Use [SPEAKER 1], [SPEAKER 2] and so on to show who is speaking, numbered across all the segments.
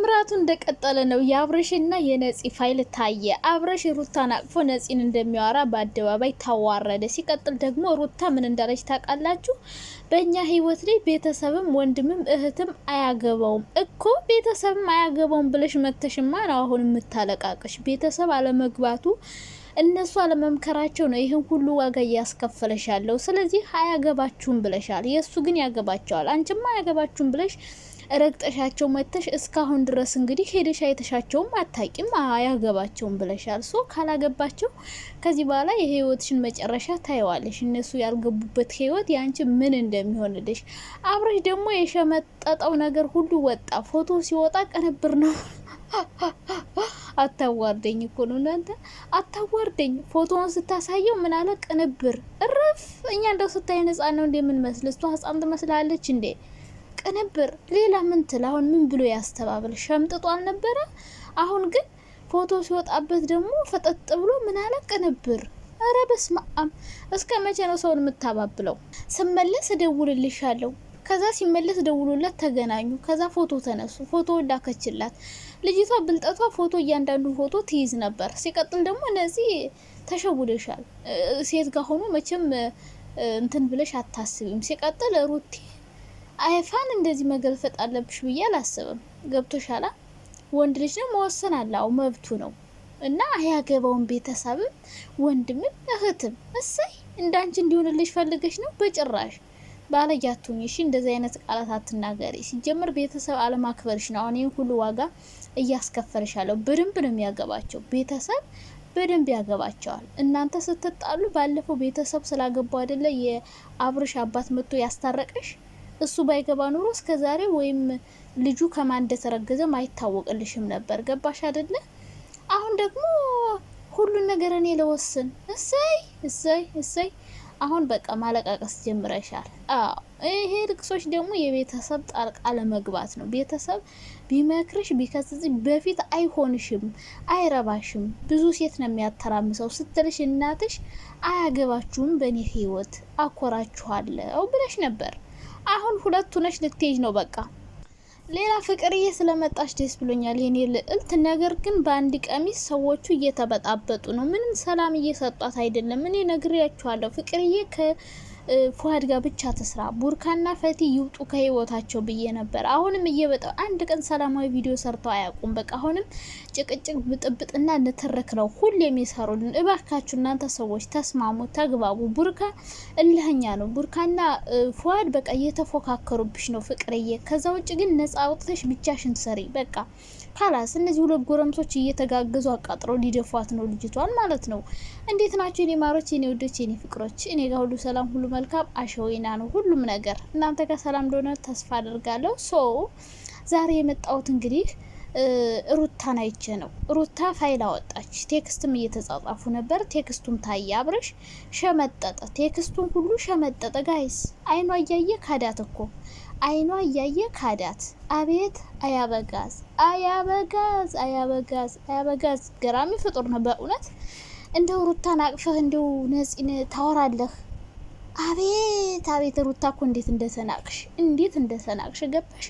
[SPEAKER 1] ታምራቱ እንደቀጠለ ነው። የአብረሽና የነፂ ፋይል ታየ። አብረሽ ሩታን አቅፎ ነፂን እንደሚያወራ በአደባባይ ታዋረደ። ሲቀጥል ደግሞ ሩታ ምን እንዳለች ታውቃላችሁ? በእኛ ህይወት ላይ ቤተሰብም ወንድምም እህትም አያገባውም እኮ ቤተሰብም አያገባውም ብለሽ መተሽማ ነው አሁን የምታለቃቀሽ ቤተሰብ አለመግባቱ እነሱ አለመምከራቸው ነው ይህን ሁሉ ዋጋ እያስከፈለሻለሁ። ስለዚህ አያገባችሁም ብለሻል። የእሱ ግን ያገባቸዋል። አንቺማ አያገባችሁም ብለሽ ረግጠሻቸው መተሽ እስካሁን ድረስ እንግዲህ ሄደሽ አይተሻቸውም አታቂም አያገባቸውም ብለሻል። ሶ ካላገባቸው ከዚህ በኋላ የህይወትሽን መጨረሻ ታየዋለሽ። እነሱ ያልገቡበት ህይወት ያንቺ ምን እንደሚሆንልሽ። አብረሽ ደግሞ የሸመጠጠው ነገር ሁሉ ወጣ። ፎቶ ሲወጣ ቅንብር ነው። አታዋርደኝ እኮ ነው እናንተ፣ አታዋርደኝ። ፎቶውን ስታሳየው ምን አለ ቅንብር እረፍ። እኛ እንደው ስታይ ነጻ ነው እንደምንመስል እሷ ህጻን ትመስላለች እንዴ? ቅንብር፣ ሌላ ምን ትል አሁን ምን ብሎ ያስተባብል? ሸምጥጦ አልነበረ? አሁን ግን ፎቶ ሲወጣበት ደግሞ ፈጠጥ ብሎ ምን አለ? ቅንብር። እረ በስመ አብ! እስከ መቼ ነው ሰውን የምታባብለው? ስመለስ እደውልልሻለሁ። ከዛ ሲመለስ ደውሉለት ተገናኙ። ከዛ ፎቶ ተነሱ። ፎቶ ላከችላት ልጅቷ። ብልጠቷ ፎቶ እያንዳንዱ ፎቶ ትይዝ ነበር። ሲቀጥል ደግሞ እነዚህ ተሸውደሻል፣ ሴት ጋር ሆኖ መቼም እንትን ብለሽ አታስቢም። ሲቀጥል ሩቴ አይፋን እንደዚህ መገልፈጥ አለብሽ ብዬ አላስብም። ገብቶሻላ። ወንድ ልጅ ነው መወሰን አለ። መብቱ ነው እና አያገባውን ቤተሰብም ወንድምም እህትም እሰይ እንዳንቺ እንዲሆንልሽ ፈልገሽ ነው? በጭራሽ ባለጃቱኝ። እሺ እንደዚህ አይነት ቃላት አትናገሪ። ሲጀምር ቤተሰብ አለማክበርሽ ነው አሁን ይህን ሁሉ ዋጋ እያስከፈልሽ ያለው። በደንብ ነው የሚያገባቸው ቤተሰብ በደንብ ያገባቸዋል። እናንተ ስትጣሉ ባለፈው ቤተሰብ ስላገቡ አይደለ የአብርሽ አባት መጥቶ ያስታረቀሽ እሱ ባይገባ ኑሮ እስከ ዛሬ ወይም ልጁ ከማን እንደተረገዘም አይታወቅልሽም ነበር። ገባሽ አይደለ? አሁን ደግሞ ሁሉን ነገር እኔ ለወስን። እሰይ እሰይ እሰይ። አሁን በቃ ማለቃቀስ ጀምረሻል። አዎ ይሄ ልቅሶች ደግሞ የቤተሰብ ጣልቃ ለመግባት ነው። ቤተሰብ ቢመክርሽ ቢከስጽ በፊት አይሆንሽም፣ አይረባሽም፣ ብዙ ሴት ነው የሚያተራምሰው ስትልሽ እናትሽ አያገባችሁም፣ በእኔ ህይወት አኮራችኋለሁ ብለሽ ነበር። አሁን ሁለቱ ነሽ ልትሄጅ ነው በቃ። ሌላ ፍቅርዬ ስለመጣች ደስ ብሎኛል የኔ ልዕልት። ነገር ግን በአንድ ቀሚስ ሰዎቹ እየተበጣበጡ ነው። ምንም ሰላም እየሰጧት አይደለም። እኔ ነግሬያችኋለሁ ፍቅርዬ ፉአድ ጋር ብቻ ተስራ ቡርካና ፈቲ ይውጡ ከህይወታቸው ብዬ ነበር። አሁንም እየበጣው አንድ ቀን ሰላማዊ ቪዲዮ ሰርተው አያውቁም። በቃ አሁንም ጭቅጭቅ፣ ብጥብጥና ንትርክ ነው ሁሌም የሚሰሩልን። እባካችሁ እናንተ ሰዎች ተስማሙ፣ ተግባቡ። ቡርካ እልህኛ ነው። ቡርካና ፉአድ በቃ እየተፎካከሩብሽ ነው ፍቅርዬ። ከዛ ውጭ ግን ነጻ አውጥተሽ ብቻሽን ሰሪ በቃ ካላስ እነዚህ ሁለት ጎረምሶች እየተጋገዙ አቃጥረው ሊደፏት ነው ልጅቷን ማለት ነው። እንዴት ናቸው የኔ ማሮች፣ የኔ ውዶች፣ የኔ ፍቅሮች? እኔ ጋር ሁሉ ሰላም፣ ሁሉ መልካም አሸወይና ነው ሁሉም ነገር። እናንተ ጋር ሰላም እንደሆነ ተስፋ አድርጋለሁ። ሶ ዛሬ የመጣሁት እንግዲህ ሩታን አይቼ ነው። ሩታ ፋይል አወጣች፣ ቴክስትም እየተጻጻፉ ነበር። ቴክስቱም ታየ። አብርሽ ሸመጠጠ፣ ቴክስቱን ሁሉ ሸመጠጠ። ጋይስ አይኗ እያየ ካዳት እኮ አይኗ እያየ ካዳት። አቤት አያበጋዝ አያበጋዝ አያበጋዝ አያበጋዝ ገራሚ ፍጡር ነው በእውነት እንደው ሩታን አቅፈህ እንደው ነጺን ታወራለህ አቤት አቤት ሩታ እኮ እንዴት እንደተናቅሽ እንዴት እንደተናቅሽ ገባሽ?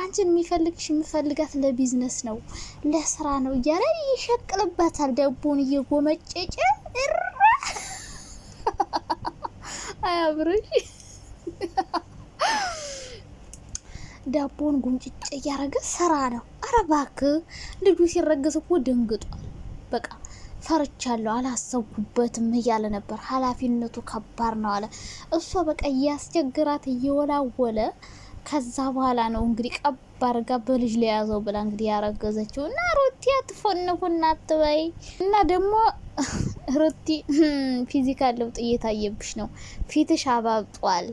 [SPEAKER 1] አንቺን የሚፈልግሽ የምፈልጋት ለቢዝነስ ነው ለስራ ነው እያለ ይሸቅልባታል። ደቦን እየጎመጨጨ እራ አያምርሽ? ዳቦን ጉምጭጭ እያረገ ስራ ነው። አረባክ ልጁ ሲረገዝ እኮ ደንግጧል። በቃ ፈርቻለሁ፣ አላሰብኩበትም እያለ ነበር። ኃላፊነቱ ከባድ ነው አለ። እሷ በቃ እያስቸግራት እየወላወለ ከዛ በኋላ ነው እንግዲህ ቀባር ጋ በልጅ ላይ ያዘው ብላ እንግዲህ ያረገዘችው እና ሩቲ አትፎንኩና አትበይ እና ደግሞ ሩቲ ፊዚካል ለውጥ እየታየብሽ ነው፣ ፊትሽ አባብጧል።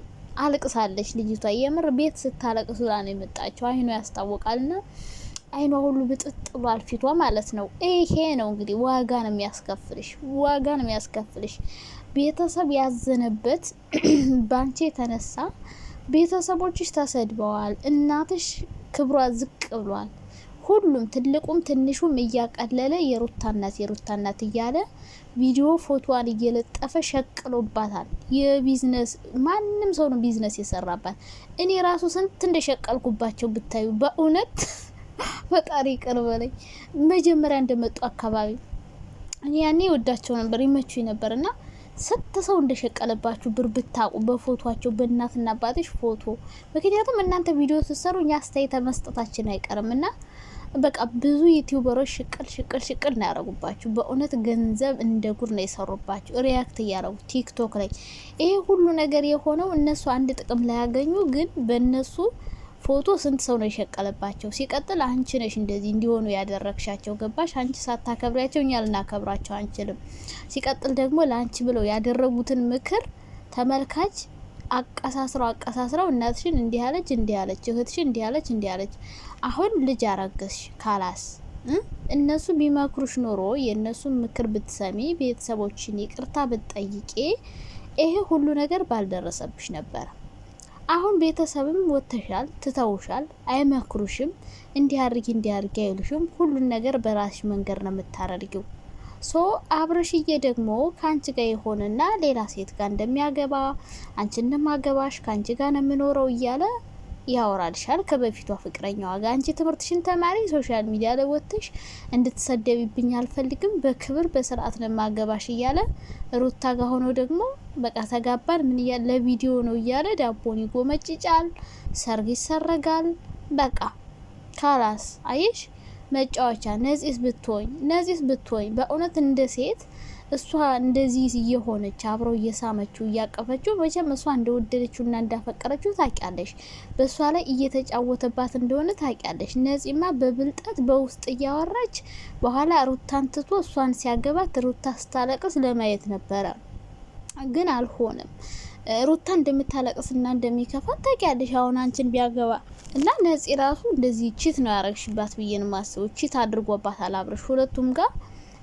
[SPEAKER 1] አልቅሳለች ልጅቷ የምር ቤት ስታለቅስ ብላ ነው አይኖ ያስታወቃል ና አይኗ ሁሉ ብጥጥ ብሏል፣ ፊቷ ማለት ነው። ይሄ ነው እንግዲህ ዋጋ ነው የሚያስከፍልሽ፣ ዋጋ ነው የሚያስከፍልሽ። ቤተሰብ ያዘነበት ባንቺ የተነሳ ቤተሰቦችሽ ተሰድበዋል፣ እናትሽ ክብሯ ዝቅ ብሏል። ሁሉም ትልቁም ትንሹም እያቀለለ የሩታናት የሩታናት እያለ ቪዲዮ ፎቶዋን እየለጠፈ ሸቅሎባታል። የቢዝነስ ማንም ሰው ነው ቢዝነስ የሰራባት። እኔ ራሱ ስንት እንደሸቀልኩባቸው ብታዩ በእውነት ፈጣሪ ይቅር በለኝ። መጀመሪያ እንደመጡ አካባቢ ያኔ ወዳቸው ነበር ይመቹ ነበር እና ስት ሰው እንደሸቀለባችሁ ብር ብታቁ በፎቶቸው በእናትና አባትሽ ፎቶ። ምክንያቱም እናንተ ቪዲዮ ስትሰሩ እኛ አስተያየት መስጠታችን አይቀርም እና በቃ ብዙ ዩቲዩበሮች ሽቅል ሽቅል ሽቅል ነው ያረጉባችሁ። በእውነት ገንዘብ እንደ ጉር ነው የሰሩባችሁ። ሪያክት እያረጉ ቲክቶክ ላይ ይሄ ሁሉ ነገር የሆነው እነሱ አንድ ጥቅም ላያገኙ ግን በእነሱ ፎቶ ስንት ሰው ነው የሸቀለባቸው? ሲቀጥል አንቺ ነሽ እንደዚህ እንዲሆኑ ያደረግሻቸው። ገባሽ? አንቺ ሳታከብሪያቸው እኛ ልናከብራቸው አንችልም። ሲቀጥል ደግሞ ለአንቺ ብለው ያደረጉትን ምክር ተመልካች አቀሳስረው አቀሳስረው እናትሽን እንዲህ አለች እንዲህ አለች እህትሽን እንዲህ አለች እንዲህ አለች። አሁን ልጅ አረገዝሽ ካላስ እነሱ ቢመክሩሽ ኖሮ የእነሱን ምክር ብትሰሚ ቤተሰቦችን ይቅርታ ብትጠይቄ ይሄ ሁሉ ነገር ባልደረሰብሽ ነበረ። አሁን ቤተሰብም ወጥተሻል፣ ትተውሻል፣ አይመክሩሽም፣ እንዲህ አድርጊ እንዲህ አድርጊ አይሉሽም። ሁሉን ነገር በራስሽ መንገድ ነው የምታደርጊው። ሶ አብረሽዬ ደግሞ ከአንቺ ጋር የሆነና ሌላ ሴት ጋር እንደሚያገባ አንቺ እንደማገባሽ ከአንቺ ጋር ነው የምኖረው እያለ ያወራልሻል ከበፊቷ ፍቅረኛዋ ጋር። አንቺ ትምህርትሽን ተማሪ፣ ሶሻል ሚዲያ ላይ ወጥተሽ እንድትሰደቢብኝ አልፈልግም፣ በክብር በስርዓት ነው ማገባሽ እያለ ሩታ ጋር ሆኖ ደግሞ በቃ ተጋባን ምን እያለ ለቪዲዮ ነው እያለ ዳቦን ይጎመጭጫል፣ ሰርግ ይሰረጋል። በቃ ካላስ አየሽ መጫወቻ ነጺስ ብትሆኝ ነጺስ ብትሆኝ በእውነት እንደ ሴት እሷ እንደዚህ እየሆነች አብረው እየሳመችው እያቀፈችው፣ መቼም እሷ እንደወደደችው እና እንዳፈቀረችው ታውቂያለሽ። በእሷ ላይ እየተጫወተባት እንደሆነ ታውቂያለሽ። ነጺማ በብልጠት በውስጥ እያወራች በኋላ ሩታን ትቶ እሷን ሲያገባት ሩታ ስታለቅስ ለማየት ነበረ፣ ግን አልሆነም። ሩታ እንደምታለቅስና እንደሚከፋት ታውቂያለሽ። አሁን አንቺን ቢያገባ እና ነጺ ራሱ እንደዚህ ቺት ነው ያረግሽባት ብዬን ማስበው ቺት አድርጎባት አላብረሽ ሁለቱም ጋር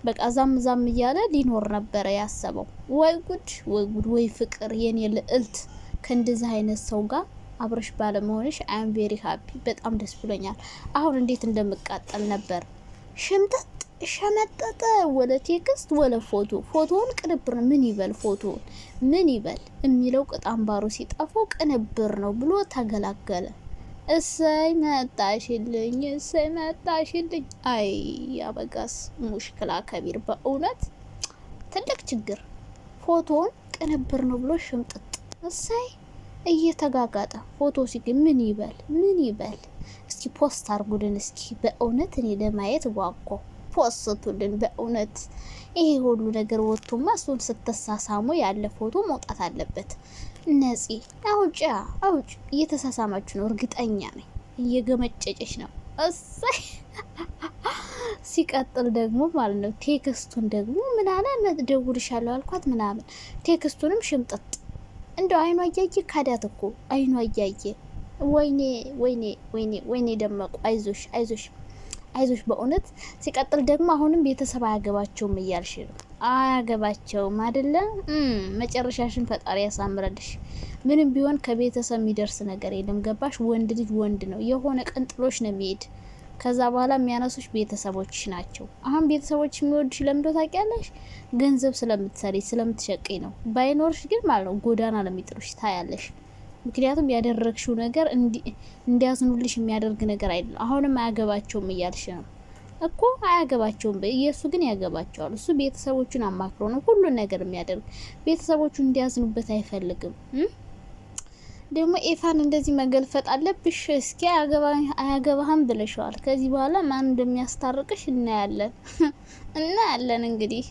[SPEAKER 1] በቃ ዛም ዛም እያለ ሊኖር ነበረ ያሰበው። ወይ ጉድ ወይ ጉድ ወይ ፍቅር የኔ ልዕልት ከእንደዚህ አይነት ሰው ጋር አብረሽ ባለመሆንሽ አይም ቬሪ ሀፒ በጣም ደስ ብሎኛል። አሁን እንዴት እንደምቃጠል ነበር። ሽምጠጥ ሸመጠጠ። ወለ ቴክስት ወለ ፎቶ ፎቶውን ቅንብር ምን ይበል ፎቶውን ምን ይበል የሚለው ቅጣም ባሮ ሲጠፋው ቅንብር ነው ብሎ ተገላገለ። እሰይ መጣሽልኝ፣ እሰይ መጣሽልኝ። አይ አበጋስ ሙሽክላ ከቢር በእውነት ትልቅ ችግር። ፎቶውን ቅንብር ነው ብሎ ሽምጥጥ እሰይ እየተጋጋጠ ፎቶ ሲግ ምን ይበል ምን ይበል? እስኪ ፖስት አርጉልን እስኪ በእውነት እኔ ለማየት ጓጓ። ፖስቱልን በእውነት ይሄ ሁሉ ነገር ወጥቶማ እሱን ስተሳሳሙ ያለ ፎቶ መውጣት አለበት። ነፂ አውጫ አውጭ እየተሳሳማችሁ ነው፣ እርግጠኛ ነኝ። እየገመጨጨች ነው። እሰይ ሲቀጥል ደግሞ ማለት ነው ቴክስቱን ደግሞ ምናለ አለ አልኳት ምናምን ቴክስቱንም ሽምጥጥ እንደ አይኗ እያየ ካዳት እኮ አይኗ እያየ ወይኔ ወይኔ ወይኔ ወይኔ ደመቁ አይዞሽ አይዞሽ አይዞሽ በእውነት ሲቀጥል ደግሞ አሁንም ቤተሰብ አያገባቸውም እያልሽ ነው አያገባቸውም አይደለ? መጨረሻሽን ፈጣሪ ያሳምረልሽ። ምንም ቢሆን ከቤተሰብ የሚደርስ ነገር የለም። ገባሽ? ወንድ ልጅ ወንድ ነው። የሆነ ቀን ጥሎሽ ነው የሚሄድ። ከዛ በኋላ የሚያነሱሽ ቤተሰቦች ናቸው። አሁን ቤተሰቦች የሚወድሽ ለምዶ ታውቂያለሽ? ገንዘብ ስለምትሰሪ ስለምትሸቂ ነው። ባይኖርሽ ግን ማለት ነው ጎዳና ለሚጥሩሽ ታያለሽ። ምክንያቱም ያደረግሽው ነገር እንዲያዝኑልሽ የሚያደርግ ነገር አይደለም። አሁንም አያገባቸውም እያልሽ ነው እኮ አያገባቸውም። የእሱ ግን ያገባቸዋል። እሱ ቤተሰቦቹን አማክሮ ነው ሁሉን ነገር የሚያደርግ። ቤተሰቦቹ እንዲያዝኑበት አይፈልግም። ደግሞ ኤፋን እንደዚህ መገልፈጥ አለብሽ። እስኪ አያገባህም ብለሸዋል። ከዚህ በኋላ ማን እንደሚያስታርቅሽ እናያለን እናያለን እንግዲህ